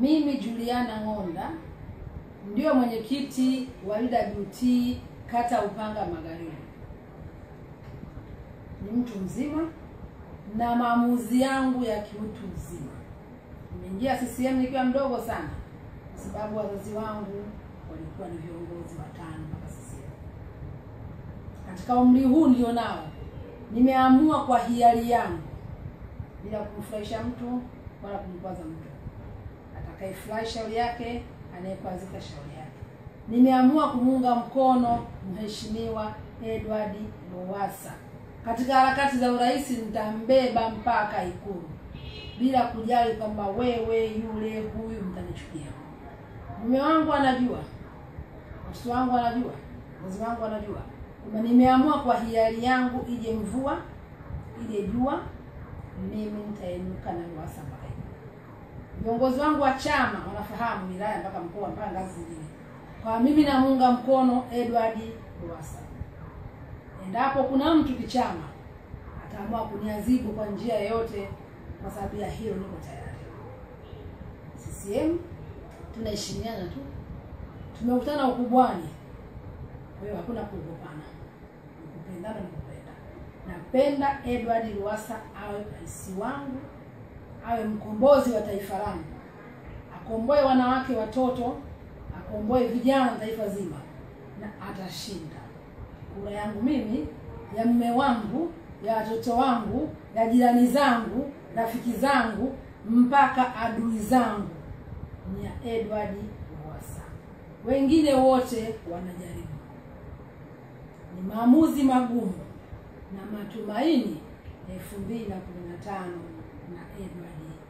Mimi Juliana Ng'onda ndio mwenyekiti wa UWT kata Upanga Magharibi. Ni mtu mzima na maamuzi yangu ya kiutu mzima. Nimeingia CCM nikiwa mdogo sana, kwa sababu wazazi wangu walikuwa ni viongozi watano mpaka CCM. Katika umri huu nilionao, nimeamua kwa hiari yangu bila kumfurahisha mtu wala kumkwaza mtu atakayefurahi shauri yake, anayepazika shauri yake. Nimeamua kumuunga mkono Mheshimiwa Edward Lowassa katika harakati za urais. Nitambeba mpaka Ikulu bila kujali kwamba wewe, yule, huyu mtanichukia. Mume wangu anajua, watoto wangu anajua, mzazi wangu anajua kwamba nimeamua kwa hiari yangu, ije mvua ije jua, mimi nitainuka na Lowassa mpaka viongozi wangu wa chama wanafahamu wilaya mpaka mkoa mpaka ngazi zingine, kwa mimi namuunga mkono Edward Lowassa. Endapo kuna mtu kichama ataamua kuniadhibu kwa njia yoyote, kwa sababu ya hilo niko tayari. CCM tunaheshimiana tu, tumekutana ukubwani, kwa hiyo hakuna kuogopana, nikupendana, nikupenda. Napenda Edward Lowassa awe rais wangu awe mkombozi wa taifa langu, akomboe wanawake, watoto, akomboe vijana taifa zima, na atashinda. Kura yangu mimi, ya mme wangu, ya watoto wangu, ya jirani zangu, rafiki zangu, mpaka adui zangu ni ya Edward Lowassa. Wengine wote wanajaribu. Ni maamuzi magumu na matumaini elfu mbili na kumi na tano. 拿被子。